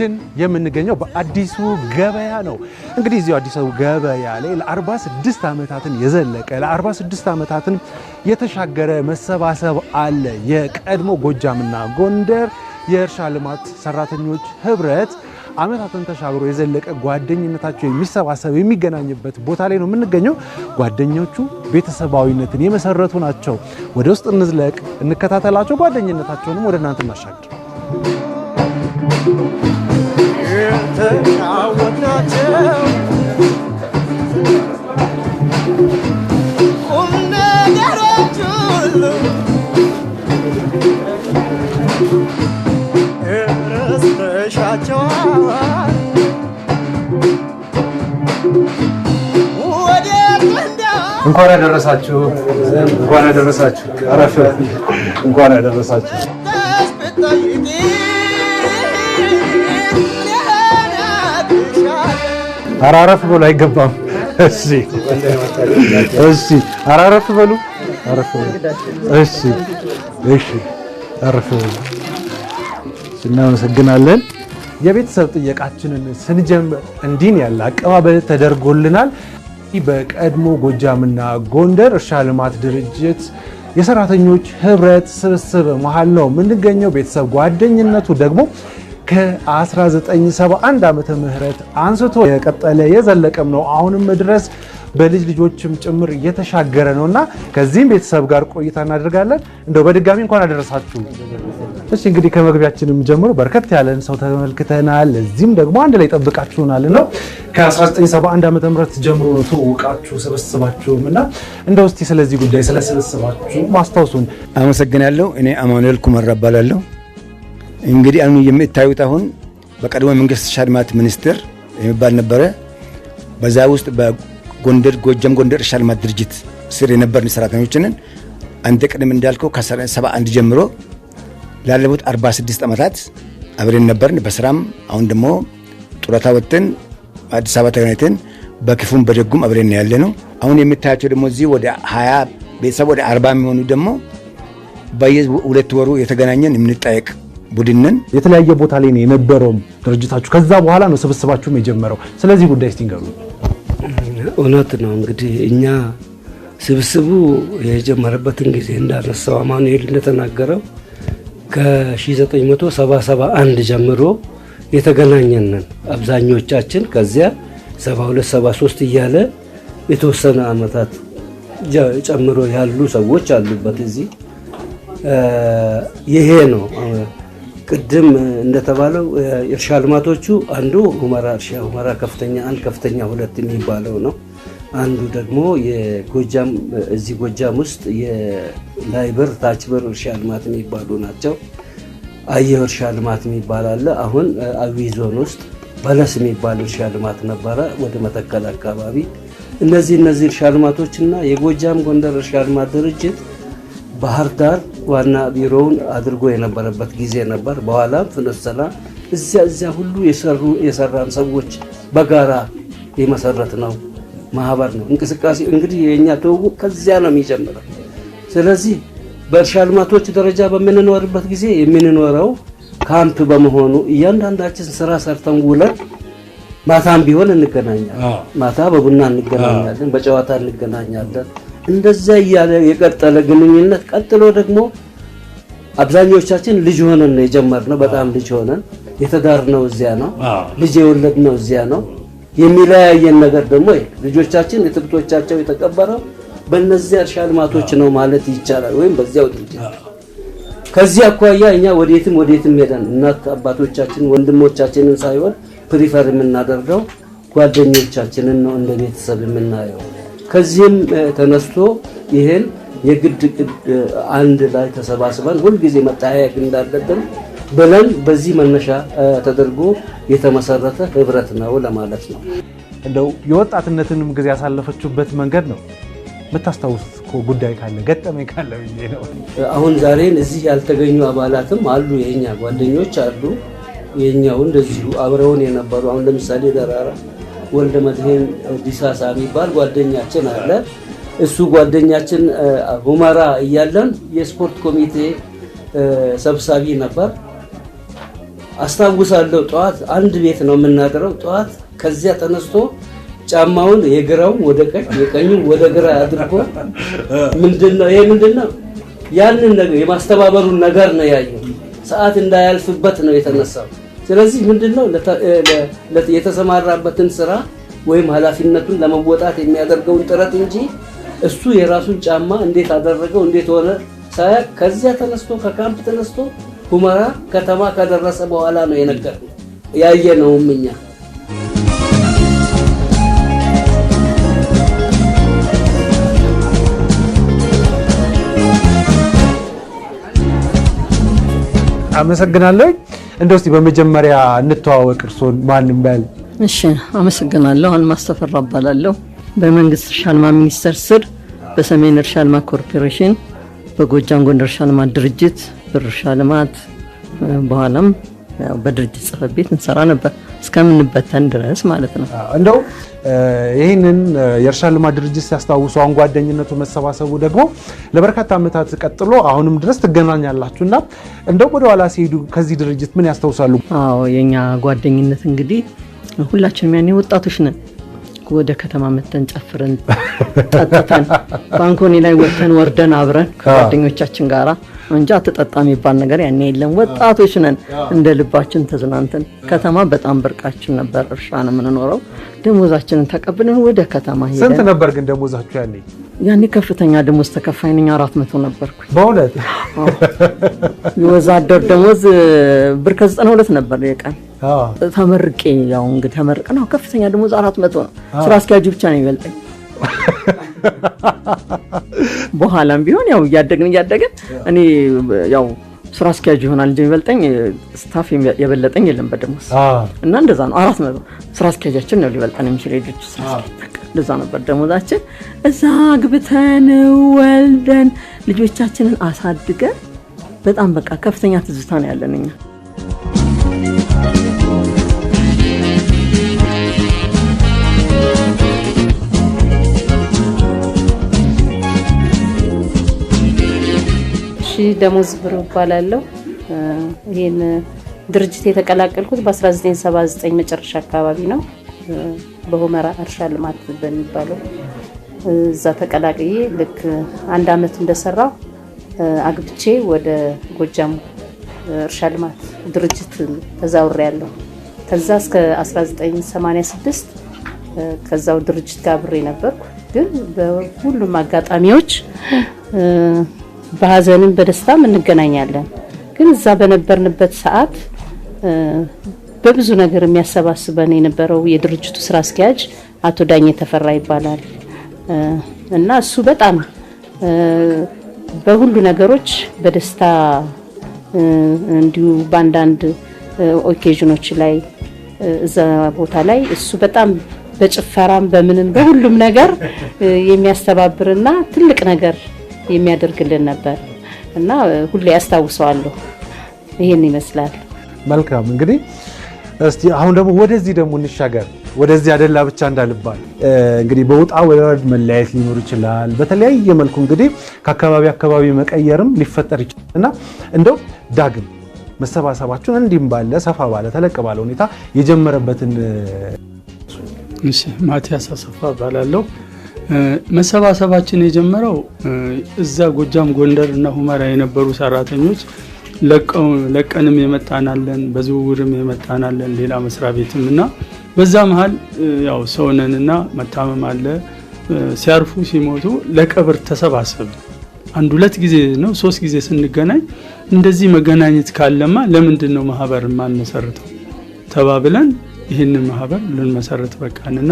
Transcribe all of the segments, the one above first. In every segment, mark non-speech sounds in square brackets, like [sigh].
ሁላችን የምንገኘው በአዲሱ ገበያ ነው። እንግዲህ እዚሁ አዲሱ ገበያ ላይ ለ46 ዓመታትን የዘለቀ ለ46 ዓመታትን የተሻገረ መሰባሰብ አለ። የቀድሞ ጎጃምና ጎንደር የእርሻ ልማት ሰራተኞች ህብረት ዓመታትን ተሻግሮ የዘለቀ ጓደኝነታቸው የሚሰባሰብ የሚገናኝበት ቦታ ላይ ነው የምንገኘው። ጓደኞቹ ቤተሰባዊነትን የመሰረቱ ናቸው። ወደ ውስጥ እንዝለቅ፣ እንከታተላቸው። ጓደኝነታቸውንም ወደ እናንተ እናሻግር። ተጫወትናቸው ቁም ነገሮች ሁሉ እንኳን ያደረሳችሁ እንኳን ያደረሳችሁ አረፈ እንኳን ያደረሳችሁ አራረፍ ብሎ አይገባም። እሺ እሺ፣ አራረፍ በሉ አረፍ በሉ። እሺ እሺ፣ አረፍ በሉ። እናመሰግናለን። የቤተሰብ ጥየቃችንን ስንጀምር እንዲህ ያለ አቀባበል ተደርጎልናል። በቀድሞ ጎጃምና ጎንደር እርሻ ልማት ድርጅት የሰራተኞች ህብረት ስብስብ መሀል ነው የምንገኘው። ቤተሰብ ጓደኝነቱ ደግሞ ከ1971 ዓመተ ምህረት አንስቶ የቀጠለ የዘለቀም ነው። አሁንም ድረስ በልጅ ልጆችም ጭምር እየተሻገረ ነው እና ከዚህም ቤተሰብ ጋር ቆይታ እናደርጋለን። እንደው በድጋሚ እንኳን አደረሳችሁ። እሺ እንግዲህ ከመግቢያችንም ጀምሮ በርከት ያለን ሰው ተመልክተናል። እዚህም ደግሞ አንድ ላይ ጠብቃችሁናል ነው ከ1971 ዓመተ ምህረት ጀምሮ ነው ትውውቃችሁ ስብስባችሁም እና እንደው እስቲ ስለዚህ ጉዳይ ስለስብስባችሁ ማስታውሱን። አመሰግናለሁ። እኔ አማኑኤል ኩመራ እባላለሁ። እንግዲህ አሁን የምታዩት አሁን በቀድሞ መንግስት ሻልማት ሚኒስትር የሚባል ነበረ። በዛ ውስጥ በጎንደር ጎጃም ጎንደር ሻልማት ድርጅት ስር የነበርን ሰራተኞችንን አንተ ቅድም እንዳልከው ከ71 ጀምሮ ላለፉት 46 ዓመታት አብረን ነበርን በስራም አሁን ደግሞ ጡረታ ወጥተን አዲስ አበባ ተገናኝተን በክፉም በደጉም አብረን ያለ ነው። አሁን የምታያቸው ደግሞ እዚህ ወደ 20 ቤተሰብ ወደ 40 የሚሆኑ ደግሞ በየሁለት ወሩ የተገናኘን የምንጠየቅ ቡድንን የተለያየ ቦታ ላይ ነው የነበረውም ድርጅታችሁ ከዛ በኋላ ነው ስብስባችሁም የጀመረው። ስለዚህ ጉዳይ እስቲ ንገሩ። እውነት ነው እንግዲህ እኛ ስብስቡ የጀመረበትን ጊዜ እንዳነሳው አማኑኤል እንደተናገረው ከ1971 ጀምሮ የተገናኘንን አብዛኞቻችን ከዚያ 72 73 እያለ የተወሰነ ዓመታት ጨምሮ ያሉ ሰዎች አሉበት። እዚህ ይሄ ነው ቅድም እንደተባለው እርሻ ልማቶቹ አንዱ ሁመራ እርሻ ሁመራ ከፍተኛ አንድ ከፍተኛ ሁለት የሚባለው ነው። አንዱ ደግሞ የጎጃም እዚህ ጎጃም ውስጥ የላይበር ታችበር እርሻ ልማት የሚባሉ ናቸው። አየሁ እርሻ ልማት የሚባል አለ። አሁን አዊ ዞን ውስጥ በለስ የሚባል እርሻ ልማት ነበረ፣ ወደ መተከል አካባቢ። እነዚህ እነዚህ እርሻ ልማቶች እና የጎጃም ጎንደር እርሻ ልማት ድርጅት ባህር ዳር ዋና ቢሮውን አድርጎ የነበረበት ጊዜ ነበር። በኋላም ፍኖተ ሰላም እዚያ እዚያ ሁሉ የሰራን ሰዎች በጋራ የመሰረት ነው ማህበር ነው እንቅስቃሴ። እንግዲህ የእኛ ትውውቅ ከዚያ ነው የሚጀምረው። ስለዚህ በእርሻ ልማቶች ደረጃ በምንኖርበት ጊዜ የምንኖረው ካምፕ በመሆኑ እያንዳንዳችን ስራ ሰርተን ውለን ማታም ቢሆን እንገናኛለን። ማታ በቡና እንገናኛለን፣ በጨዋታ እንገናኛለን። እንደዛ እያለ የቀጠለ ግንኙነት ቀጥሎ ደግሞ አብዛኞቻችን ልጅ ሆነን ነው የጀመርነው። በጣም ልጅ ሆነን የተዳርነው እዚያ ነው፣ ልጅ የወለድነው እዚያ ነው። የሚለያየን ነገር ደግሞ ልጆቻችን የትብቶቻቸው የተቀበረው በእነዚያ እርሻ ልማቶች ነው ማለት ይቻላል፣ ወይም በዚያው ድርጅት። ከዚህ አኳያ እኛ ወዴትም ወዴትም ሄደን እናት አባቶቻችን ወንድሞቻችንን ሳይሆን ፕሪፈር የምናደርገው ጓደኞቻችንን ነው እንደ ቤተሰብ የምናየው። ከዚህም ተነስቶ ይህን የግድ አንድ ላይ ተሰባስበን ሁልጊዜ መጠያየቅ እንዳለብን ብለን በዚህ መነሻ ተደርጎ የተመሰረተ ህብረት ነው ለማለት ነው። እንደው የወጣትነትንም ጊዜ ያሳለፈችበት መንገድ ነው የምታስታውሱት ጉዳይ ካለ ገጠመኝ ካለ ነው። አሁን ዛሬን እዚህ ያልተገኙ አባላትም አሉ፣ የኛ ጓደኞች አሉ፣ የኛው እንደዚሁ አብረውን የነበሩ አሁን ለምሳሌ ደራራ ወልደ መድህን ዲሳሳ የሚባል ጓደኛችን አለ። እሱ ጓደኛችን ሁመራ እያለን የስፖርት ኮሚቴ ሰብሳቢ ነበር። አስታውሳለሁ። ጠዋት አንድ ቤት ነው የምናድረው። ጠዋት ከዚያ ተነስቶ ጫማውን የግራው ወደ ቀኝ የቀኙ ወደ ግራ አድርጎ ምንድነው ይሄ ምንድነው? ያንን ነገር የማስተባበሩን ነገር ነው ያየው። ሰዓት እንዳያልፍበት ነው የተነሳው። ስለዚህ ምንድነው የተሰማራበትን ስራ ወይም ኃላፊነቱን ለመወጣት የሚያደርገውን ጥረት እንጂ እሱ የራሱን ጫማ እንዴት አደረገው እንዴት ሆነ ሳያቅ ከዚያ ተነስቶ ከካምፕ ተነስቶ ሁመራ ከተማ ከደረሰ በኋላ ነው ያየ ያየነውም እኛ። አመሰግናለሁ። እንደው እስቲ በመጀመሪያ እንተዋወቅ። እርሶን ማን ይባል? እሺ፣ አመሰግናለሁ። አልማዝ ተፈራ እባላለሁ። በመንግስት እርሻ ልማት ሚኒስቴር ስር በሰሜን እርሻ ልማት ኮርፖሬሽን፣ በጎጃም ጎንደር እርሻ ልማት ድርጅት፣ ብር እርሻ ልማት በኋላም በድርጅት ጽሕፈት ቤት እንሰራ ነበር እስከምንበተን ድረስ ማለት ነው። እንደው ይህንን የእርሻ ልማት ድርጅት ሲያስታውሱ አሁን ጓደኝነቱ መሰባሰቡ ደግሞ ለበርካታ ዓመታት ቀጥሎ አሁንም ድረስ ትገናኛላችሁ እና እንደው ወደ ኋላ ሲሄዱ ከዚህ ድርጅት ምን ያስታውሳሉ? አዎ የእኛ ጓደኝነት እንግዲህ ሁላችንም ያኔ ወጣቶች ነን ወደ ከተማ መተን ጨፍረን ጠጥተን ባንኮኒ ላይ ወተን ወርደን አብረን ከጓደኞቻችን ጋራ እንጂ አትጠጣ የሚባል ነገር ያኔ የለም። ወጣቶች ነን፣ እንደ ልባችን ተዝናንተን። ከተማ በጣም ብርቃችን ነበር። እርሻ ነው የምንኖረው። ደሞዛችንን ተቀብለን ወደ ከተማ ሄደን። ስንት ነበር ግን ደሞዛችሁ ያኔ? ያኔ ከፍተኛ ደሞዝ ተከፋይ ነኝ፣ አራት መቶ ነበርኩ በእውነት የወዛደር ደሞዝ ብር ከዘጠና ሁለት ነበር የቀን ተመርቄ ያው እንግዲህ ተመርቄ ነው። ከፍተኛ ደግሞ አራት መቶ ነው። ስራ አስኪያጁ ብቻ ነው ይበልጠኝ። [laughs] በኋላም ቢሆን ያው እያደግን እያደግን እኔ ያው ስራ አስኪያጅ ይሆናል እንጂ የሚበልጠኝ ስታፍ የበለጠኝ የለም በደሞዝ እና እንደዛ ነው። አራት መቶ ስራ አስኪያጃችን ነው ሊበልጠን የሚችል የድርጅቱ ስራ አስኪያጅ እንደዛ ነበር ደሞዛችን። እዛ ግብተን ወልደን ልጆቻችንን አሳድገን በጣም በቃ ከፍተኛ ትዝታ ነው ያለን እኛ። ደሞዝ ብር እባላለሁ። ይህን ድርጅት የተቀላቀልኩት በ1979 መጨረሻ አካባቢ ነው። በሁመራ እርሻ ልማት በሚባለው እዛ ተቀላቅዬ ልክ አንድ አመት እንደሰራው አግብቼ ወደ ጎጃም እርሻ ልማት ድርጅት ያለው ከዛ እስከ 1986 ከዛው ድርጅት ጋር አብሬ ነበርኩ። ግን በሁሉም አጋጣሚዎች በሀዘንም በደስታም እንገናኛለን። ግን እዛ በነበርንበት ሰዓት በብዙ ነገር የሚያሰባስበን የነበረው የድርጅቱ ስራ አስኪያጅ አቶ ዳኘ ተፈራ ይባላል እና እሱ በጣም በሁሉ ነገሮች በደስታ እንዲሁ በአንዳንድ ኦኬዥኖች ላይ እዛ ቦታ ላይ እሱ በጣም በጭፈራም በምንም በሁሉም ነገር የሚያስተባብርና ትልቅ ነገር የሚያደርግልን ነበር እና ሁሌ ያስታውሰዋለሁ። ይህን ይመስላል። መልካም እንግዲህ እስቲ አሁን ደግሞ ወደዚህ ደግሞ እንሻገር። ወደዚህ አደላ ብቻ እንዳልባል እንግዲህ በውጣ ወረድ መለያየት ሊኖር ይችላል። በተለያየ መልኩ እንግዲህ ከአካባቢ አካባቢ መቀየርም ሊፈጠር ይችላል እና እንደው ዳግም መሰባሰባችሁን እንዲህም ባለ ሰፋ ባለ ተለቅ ባለ ሁኔታ የጀመረበትን ማቲያስ አሰፋ እባላለሁ። መሰባሰባችን የጀመረው እዛ ጎጃም፣ ጎንደር እና ሁመራ የነበሩ ሰራተኞች ለቀንም የመጣናለን በዝውውርም የመጣናለን ሌላ መስሪያ ቤትም እና በዛ መሀል ያው ሰውነን እና መታመም አለ ሲያርፉ ሲሞቱ ለቀብር ተሰባሰብ አንድ ሁለት ጊዜ ነው ሶስት ጊዜ ስንገናኝ እንደዚህ መገናኘት ካለማ ለምንድን ነው ማህበር ማንመሰርተው ተባብለን ይህንን ማህበር ልንመሰርት በቃንና?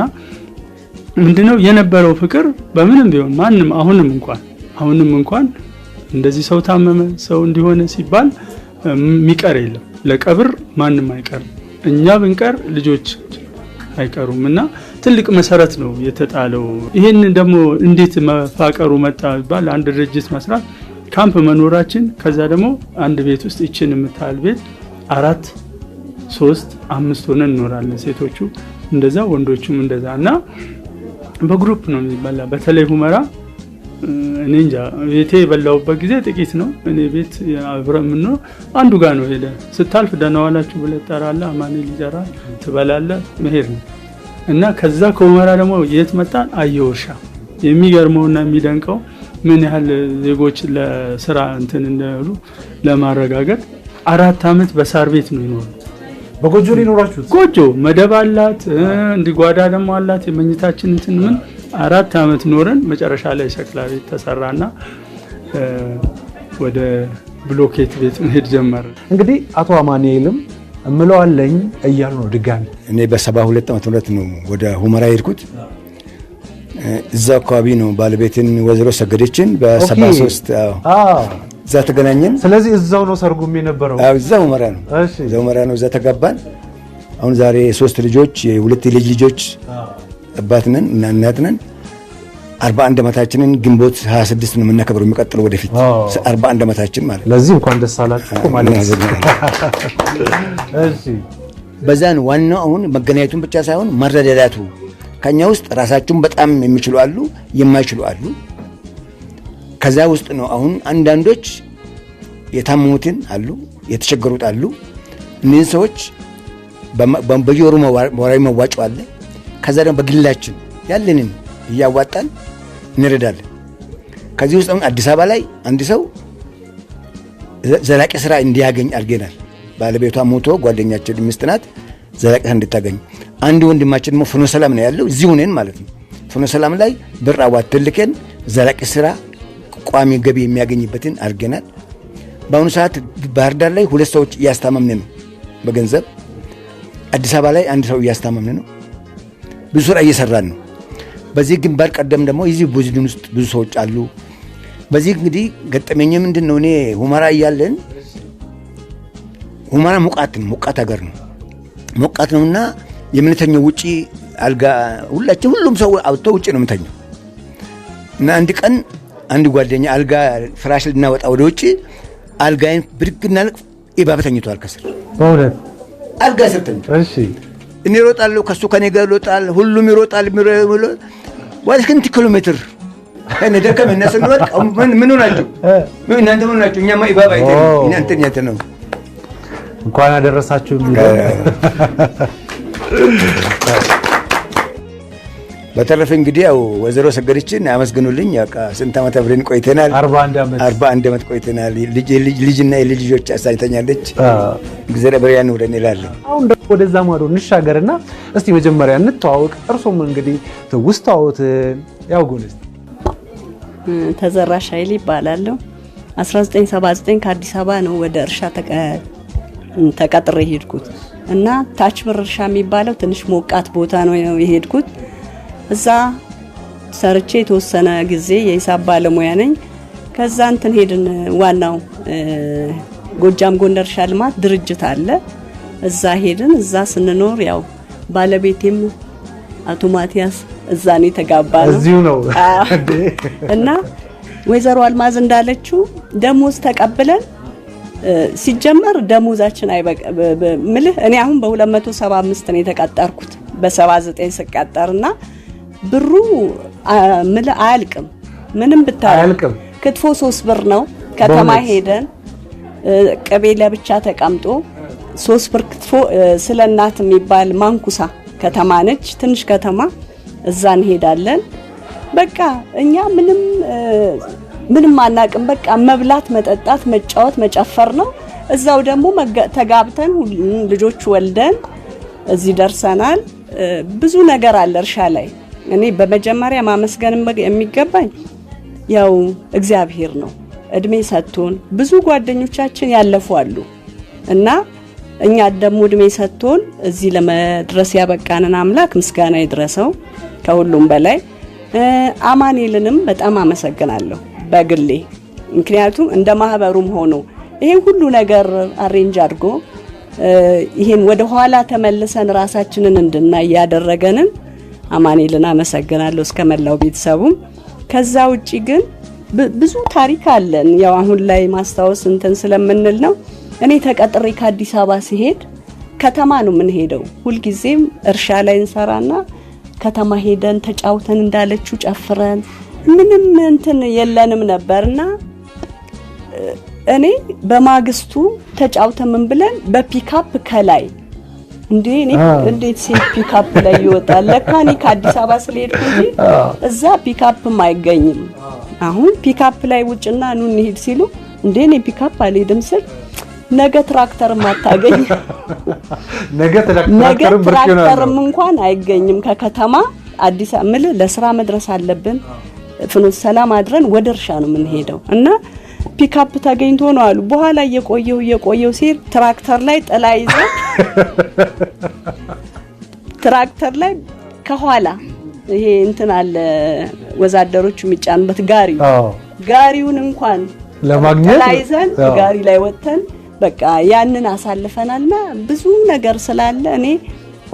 ምንድነው የነበረው ፍቅር በምንም ቢሆን ማንም አሁንም እንኳን አሁንም እንኳን እንደዚህ ሰው ታመመ ሰው እንዲሆነ ሲባል የሚቀር የለም። ለቀብር ማንም አይቀርም። እኛ ብንቀር ልጆች አይቀሩም እና ትልቅ መሰረት ነው የተጣለው። ይህን ደግሞ እንዴት መፋቀሩ መጣ ይባል አንድ ድርጅት መስራት ካምፕ መኖራችን ከዛ ደግሞ አንድ ቤት ውስጥ ይችን የምታል ቤት አራት ሶስት አምስት ሆነን እንኖራለን። ሴቶቹ እንደዛ ወንዶቹም እንደዛ እና በግሩፕ ነው የሚበላ። በተለይ ሁመራ እኔ እንጃ ቤቴ የበላውበት ጊዜ ጥቂት ነው። እኔ ቤት አብረ ምኖ አንዱ ጋር ነው ሄደ ስታልፍ ደህናዋላችሁ ብለ ጠራለ አማኔ ሊጠራል ትበላለ መሄድ ነው እና ከዛ ከሁመራ ደግሞ የት መጣን? አየወርሻ የሚገርመውና የሚደንቀው ምን ያህል ዜጎች ለስራ እንትን እንደሉ ለማረጋገጥ አራት ዓመት በሳር ቤት ነው ይኖሩ በጎጆ ላይ ኖራችሁት? ጎጆ መደብ አላት፣ እንዲህ ጓዳ ደግሞ አላት። የመኝታችን እንትን ምን አራት ዓመት ኖረን መጨረሻ ላይ ሸክላ ቤት ተሰራና ወደ ብሎኬት ቤት መሄድ ጀመር። እንግዲህ አቶ አማኒኤልም እምለዋለኝ እያሉ ነው ድጋሚ። እኔ በሰባ ሁለት ዓመተ ምህረት ነው ወደ ሁመራ ሄድኩት። እዛ አካባቢ ነው ባለቤትን ወይዘሮ ሰገደችን በሰባ ሶስት እዛ ተገናኘን። ስለዚህ እዛው ነው ሰርጉም የነበረው? አዎ እዛው መራ ነው። እሺ እዛው መራ ነው። እዛ ተጋባን። አሁን ዛሬ ሶስት ልጆች የሁለት ልጅ ልጆች አባት ነን እና እናት ነን። 41 ዓመታችንን ግንቦት 26 ነው የምናከብረው። የሚቀጥለው ወደፊት 41 ዓመታችን ማለት ነው። ለዚህ እንኳን ደስ አላችሁ ማለት ነው። እሺ በዛን ዋናው አሁን መገናኘቱን ብቻ ሳይሆን መረዳዳቱ ከኛ ውስጥ ራሳችሁን በጣም የሚችሉ አሉ፣ የማይችሉ አሉ። ከዛ ውስጥ ነው አሁን አንዳንዶች የታመሙትን አሉ፣ የተቸገሩት አሉ። እነዚህ ሰዎች በየወሩ ወራዊ መዋጮ አለ። ከዛ ደግሞ በግላችን ያለንን እያዋጣን እንረዳለን። ከዚህ ውስጥ አሁን አዲስ አበባ ላይ አንድ ሰው ዘላቂ ስራ እንዲያገኝ አድርገናል። ባለቤቷ ሞቶ ጓደኛችን ሚስት ናት፣ ዘላቂ ስራ እንድታገኝ። አንድ ወንድማችን ደግሞ ፍኖ ሰላም ነው ያለው፣ እዚሁ ነን ማለት ነው። ፍኖ ሰላም ላይ ብር አዋት ትልቅን ዘላቂ ስራ ቋሚ ገቢ የሚያገኝበትን አድርገናል። በአሁኑ ሰዓት ባህር ዳር ላይ ሁለት ሰዎች እያስታመምን ነው በገንዘብ አዲስ አበባ ላይ አንድ ሰው እያስታመምን ነው። ብዙ ስራ እየሰራን ነው። በዚህ ግንባር ቀደም ደግሞ እዚህ ቡድን ውስጥ ብዙ ሰዎች አሉ። በዚህ እንግዲህ ገጠመኝ ምንድን ነው? እኔ ሁመራ እያለን ሁመራ ሞቃት ነው፣ ሞቃት ሀገር ነው፣ ሞቃት ነው እና የምንተኘው ውጭ አልጋ ሁላችን፣ ሁሉም ሰው አውጥቶ ውጭ ነው የምንተኘው እና አንድ ቀን አንድ ጓደኛ አልጋ ፍራሽ ልናወጣ ወደ ውጭ አልጋይን ብድግና ልቅ እባብ ተኝቷል ከስር በእውነት አልጋ ስር ተኝቷል። እሺ እኔ እሮጣለሁ፣ ከሱ ከኔ ጋር ይሮጣል፣ ሁሉም ይሮጣል። ወደ ስንት ኪሎ ሜትር እኔ ደከመ እና ስንወጥ ምን ሆናችሁ እናንተ ምን ሆናችሁ? እኛማ እባብ አይተን እናንተ እናንተ ነው እንኳን አደረሳችሁ የሚለው በተረፈ እንግዲህ ያው ወይዘሮ ሰገድችን አመስግኑልኝ። በቃ ስንት ዓመት አብረን ቆይተናል? አርባ አንድ ዓመት ቆይተናል። ልጅና የልጅ ልጆች አሳኝተኛለች። ጊዜ በሪያን ውለን ይላለሁ። አሁን ደግሞ ወደዛ ማዶ እንሻገርና እስቲ መጀመሪያ እንተዋወቅ። እርሶም እንግዲህ ያው ያውጉንስ። ተዘራሽ ኃይል ይባላለሁ። 1979 ከአዲስ አበባ ነው ወደ እርሻ ተቀጥሬ ሄድኩት እና ታች በር እርሻ የሚባለው ትንሽ ሞቃት ቦታ ነው የሄድኩት እዛ ሰርቼ የተወሰነ ጊዜ የሂሳብ ባለሙያ ነኝ። ከዛ እንትን ሄድን። ዋናው ጎጃም ጎንደር ሻልማት ድርጅት አለ። እዛ ሄድን። እዛ ስንኖር ያው ባለቤቴም አቶ ማቲያስ እዛ ነው የተጋባ ነው እዚሁ ነው እና ወይዘሮ አልማዝ እንዳለችው ደሞዝ ተቀብለን ሲጀመር ደሞዛችን አይበቃ ምልህ እኔ አሁን በ275 ነው የተቀጠርኩት በ79 ስቀጠርና ብሩ አያልቅም። ምንም ብታ ክትፎ ሶስት ብር ነው። ከተማ ሄደን ቅቤ ለብቻ ተቀምጦ ሶስት ብር ክትፎ ስለ እናት የሚባል ማንኩሳ ከተማ ነች፣ ትንሽ ከተማ እዛ እንሄዳለን። በቃ እኛ ምንም ምንም አናቅም። በቃ መብላት፣ መጠጣት፣ መጫወት፣ መጨፈር ነው። እዛው ደግሞ ተጋብተን ልጆች ወልደን እዚህ ደርሰናል። ብዙ ነገር አለ እርሻ ላይ እኔ በመጀመሪያ ማመስገን የሚገባኝ ያው እግዚአብሔር ነው። እድሜ ሰጥቶን ብዙ ጓደኞቻችን ያለፉ አሉ እና እኛ ደግሞ እድሜ ሰጥቶን እዚህ ለመድረስ ያበቃንን አምላክ ምስጋና ይድረሰው። ከሁሉም በላይ አማኔልንም በጣም አመሰግናለሁ በግሌ ምክንያቱም እንደ ማህበሩም ሆኖ ይሄን ሁሉ ነገር አሬንጅ አድርጎ ይሄን ወደ ኋላ ተመልሰን ራሳችንን እንድናይ ያደረገንን አማኔልን አመሰግናለሁ እስከ መላው ቤተሰቡም። ከዛ ውጭ ግን ብዙ ታሪክ አለን። ያው አሁን ላይ ማስታወስ እንትን ስለምንል ነው። እኔ ተቀጥሬ ከአዲስ አበባ ሲሄድ ከተማ ነው የምንሄደው። ሁልጊዜም እርሻ ላይ እንሰራና ከተማ ሄደን ተጫውተን እንዳለችው ጨፍረን ምንም እንትን የለንም ነበርና እኔ በማግስቱ ተጫውተምን ብለን በፒካፕ ከላይ እንዴ እኔ እንዴት ሴት ፒካፕ ላይ ይወጣል? ለካ እኔ ከአዲስ አበባ ስለሄድኩ እንጂ እዛ ፒካፕም አይገኝም። አሁን ፒካፕ ላይ ውጭና ኑ እንሂድ ሲሉ እንዴ እኔ ፒካፕ አልሄድም ስል ነገ ትራክተርም አታገኝ፣ [laughs] ነገ ትራክተርም እንኳን አይገኝም። ከከተማ አዲስ ምል ለስራ መድረስ አለብን። ፍኖት ሰላም አድረን ወደ እርሻ ነው የምንሄደው እና ፒካፕ ተገኝቶ ነው አሉ። በኋላ እየቆየው እየቆየው ሲል ትራክተር ላይ ጥላ ይዘው [laughs] ትራክተር ላይ ከኋላ ይሄ እንትን አለ ወዛደሮቹ የሚጫኑበት ጋሪ ጋሪውን እንኳን ለማግኘት ይዘን ጋሪ ላይ ወጥተን በቃ ያንን አሳልፈናልና ብዙ ነገር ስላለ እኔ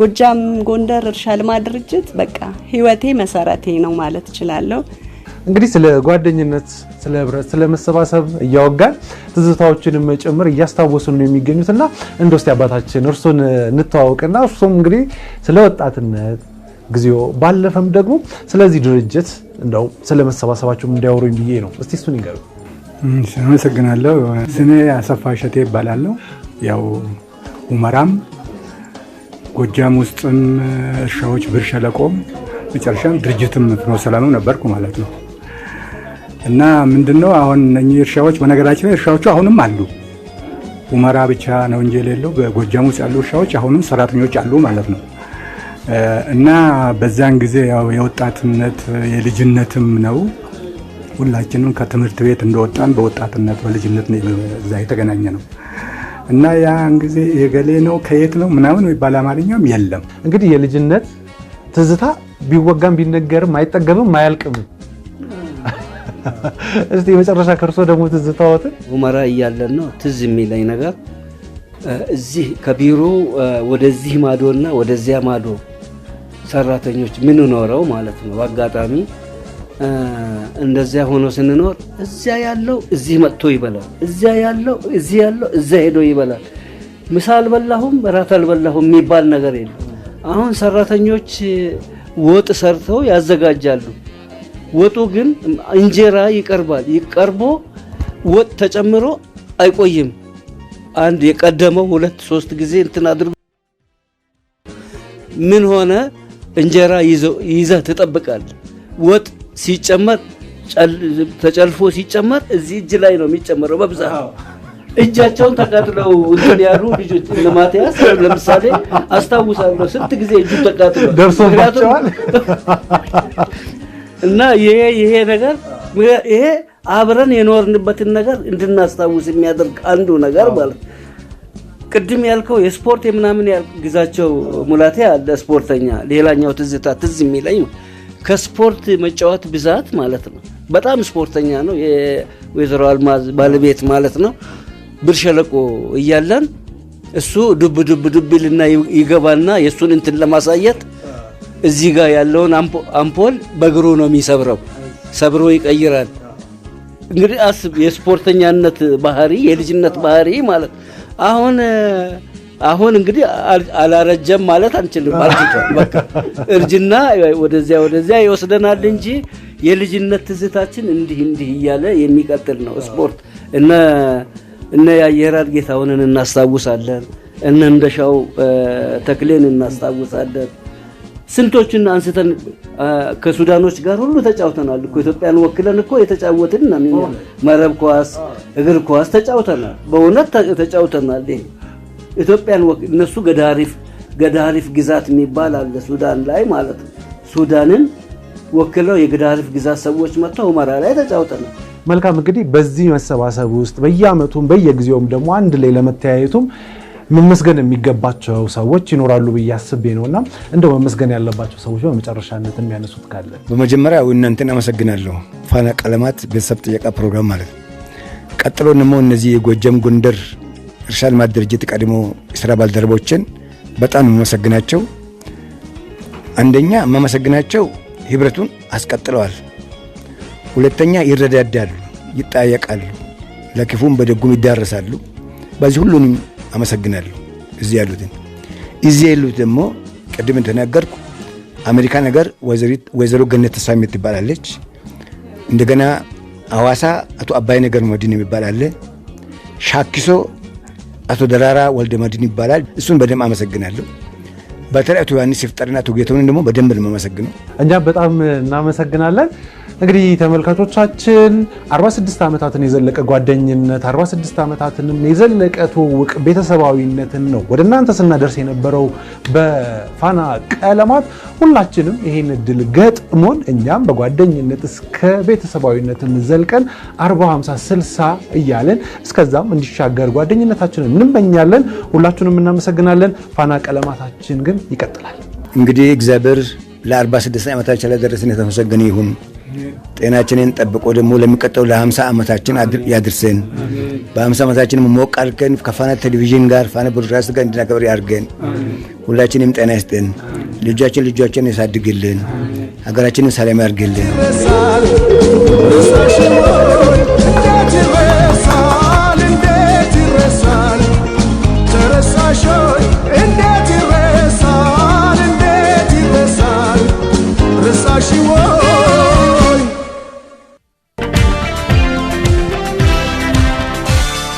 ጎጃም ጎንደር እርሻ ልማት ድርጅት በቃ ህይወቴ መሰረቴ ነው ማለት እችላለሁ። እንግዲህ ስለ ጓደኝነት ስለ ህብረት፣ ስለ መሰባሰብ እያወጋን ትዝታዎችንም ጭምር እያስታወሱን ነው የሚገኙትና እንደ ውስጥ አባታችን እርሱን እንተዋወቅና እርሱም እንግዲህ ስለ ወጣትነት ጊዜው ባለፈም ደግሞ ስለዚህ ድርጅት እንደው ስለ መሰባሰባቸው እንዲያወሩኝ ብዬ ነው። እስቲ እሱን ይገሩ። አመሰግናለሁ። ስኔ አሰፋ ሸቴ ይባላለሁ። ያው ሁመራም ጎጃም ውስጥም እርሻዎች ብር ሸለቆም መጨረሻም ድርጅትም ፍኖተ ሰላምም ነበርኩ ማለት ነው። እና ምንድነው አሁን እነኚህ እርሻዎች በነገራችን ላይ እርሻዎቹ አሁንም አሉ። ሁመራ ብቻ ነው እንጂ የሌለው በጎጃም ውስጥ ያሉ እርሻዎች አሁንም ሰራተኞች አሉ ማለት ነው። እና በዛን ጊዜ ያው የወጣትነት የልጅነትም ነው። ሁላችንም ከትምህርት ቤት እንደወጣን በወጣትነት በልጅነት እዛ የተገናኘ ነው እና ያን ጊዜ የገሌ ነው ከየት ነው ምናምን የሚባል አማርኛም የለም። እንግዲህ የልጅነት ትዝታ ቢወጋም ቢነገርም አይጠገብም አያልቅም። [laughs] እስቲ መጨረሻ ከእርሶ ደግሞ ትዝ ታወትን ሁመራ እያለን ነው ትዝ የሚለኝ ነገር እዚህ ከቢሮ ወደዚህ ማዶና ወደዚያ ማዶ ሰራተኞች ምን ኖረው ማለት ነው። በአጋጣሚ እንደዚያ ሆኖ ስንኖር እዚያ ያለው እዚህ መጥቶ ይበላል፣ እዚያ ያለው እዚህ ያለው እዚያ ሄዶ ይበላል። ምሳ አልበላሁም እራት አልበላሁም የሚባል ነገር የለም። አሁን ሰራተኞች ወጥ ሰርተው ያዘጋጃሉ። ወጡ ግን እንጀራ ይቀርባል። ይቀርቦ ወጥ ተጨምሮ አይቆይም። አንድ የቀደመው ሁለት ሶስት ጊዜ እንትን አድርጎ ምን ሆነ እንጀራ ይዘ ትጠብቃል። ወጥ ሲጨመር ተጨልፎ ሲጨመር እዚህ እጅ ላይ ነው የሚጨመረው በብዛት እጃቸውን ተቃጥለው እንትን ያሉ ልጆች ለማትያስ ለምሳሌ አስታውሳለሁ ስንት ጊዜ እጁ ተቃጥሎ ደርሶባቸዋል። እና ይሄ ይሄ ነገር ይሄ አብረን የኖርንበትን ነገር እንድናስታውስ የሚያደርግ አንዱ ነገር ማለት ቅድም ያልከው የስፖርት የምናምን ግዛቸው ሙላቴ አለ ስፖርተኛ። ሌላኛው ትዝታ ትዝ የሚለኝ ከስፖርት መጫወት ብዛት ማለት ነው። በጣም ስፖርተኛ ነው። የወይዘሮ አልማዝ ባለቤት ማለት ነው። ብር ሸለቆ እያለን እሱ ዱብ ዱብ ዱብ ይገባና የእሱን እንትን ለማሳየት እዚህ ጋር ያለውን አምፖል በእግሩ ነው የሚሰብረው፣ ሰብሮ ይቀይራል። እንግዲህ አስብ፣ የስፖርተኛነት ባህሪ የልጅነት ባህሪ ማለት አሁን አሁን እንግዲህ አላረጀም ማለት አንችልም። በቃ እርጅና ወደዚያ ወደዚያ ይወስደናል እንጂ የልጅነት ትዝታችን እንዲህ እንዲህ እያለ የሚቀጥል ነው ስፖርት። እነ እነ ያየራል ጌታውንን እናስታውሳለን። እነ እንደሻው ተክሌን እናስታውሳለን። ስንቶችን አንስተን ከሱዳኖች ጋር ሁሉ ተጫውተናል እኮ ኢትዮጵያን ወክለን እኮ የተጫወትን መረብ ኳስ፣ እግር ኳስ ተጫውተናል። በእውነት ተጫውተናል። ኢትዮጵያን እነሱ ገዳሪፍ ገዳሪፍ ግዛት የሚባል አለ ሱዳን ላይ ማለት ነው። ሱዳንን ወክለው የገዳሪፍ ግዛት ሰዎች መጥተው ሁመራ ላይ ተጫውተናል። መልካም እንግዲህ በዚህ መሰባሰብ ውስጥ በየአመቱም በየጊዜውም ደግሞ አንድ ላይ ለመተያየቱም መመስገን የሚገባቸው ሰዎች ይኖራሉ ብዬ አስቤ ነው እና እንደው መመስገን ያለባቸው ሰዎች በመጨረሻነት የሚያነሱት ካለ በመጀመሪያ እናንተን አመሰግናለሁ። ፋና ቀለማት ቤተሰብ ጥየቃ ፕሮግራም ማለት ነው። ቀጥሎ ደግሞ እነዚህ የጎጃም ጎንደር እርሻ ልማት ድርጅት ቀድሞ ስራ ባልደረቦችን በጣም የማመሰግናቸው አንደኛ የማመሰግናቸው ህብረቱን አስቀጥለዋል። ሁለተኛ ይረዳዳሉ፣ ይጠያየቃሉ፣ ለክፉም በደጉም ይዳረሳሉ። በዚህ ሁሉንም አመሰግናለሁ። እዚህ ያሉትን እዚህ ያሉት ደግሞ ቅድም እንደተናገርኩ አሜሪካ ነገር ወይዘሮ ገነት ተስፋ ትባላለች። እንደገና አዋሳ አቶ አባይ ነገር መድን የሚባል አለ። ሻኪሶ አቶ ደራራ ወልደ መድን ይባላል። እሱን በደንብ አመሰግናለሁ። በተለይ አቶ ዮሐንስ ይፍጠርና አቶ ጌቶንን ደግሞ በደንብ ነው የማመሰግነው። እኛም በጣም እናመሰግናለን። እንግዲህ ተመልካቾቻችን 46 ዓመታትን የዘለቀ ጓደኝነት 46 ዓመታትንም የዘለቀ ትውውቅ ቤተሰባዊነትን ነው ወደ እናንተ ስናደርስ የነበረው በፋና ቀለማት። ሁላችንም ይህን እድል ገጥሞን እኛም በጓደኝነት እስከ ቤተሰባዊነትን ዘልቀን 40፣ 50፣ 60 እያለን እስከዛም እንዲሻገር ጓደኝነታችንን እንመኛለን። ሁላችንም እናመሰግናለን። ፋና ቀለማታችን ግን ይቀጥላል። እንግዲህ እግዚአብሔር ለ46 ዓመታችን ላደረሰን የተመሰገነ ይሁን። ጤናችንን ጠብቆ ደግሞ ለሚቀጥለው ለ50 ዓመታችን ያድርሰን። በ50 ዓመታችን ሞቅ አድርገን ከፋና ቴሌቪዥን ጋር ፋና ብሮድካስት ጋር እንድናከብር ያድርገን። ሁላችንም ጤና ይስጠን። ልጆቻችን ልጆቻችን ያሳድግልን። ሀገራችንን ሰላም ያድርግልን። she was